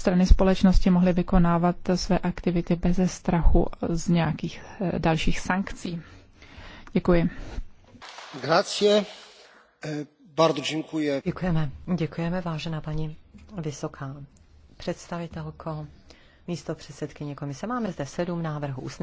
strany společnosti mohly vykonávat své aktivity bez strachu z nějakých eh, dalších sankcí. Děkuji. Grazie. Eh, bardzo dziękuję. Děkujeme. Děkujeme, vážená paní vysoká představitelko, místo předsedkyně komise. Máme zde sedm návrhů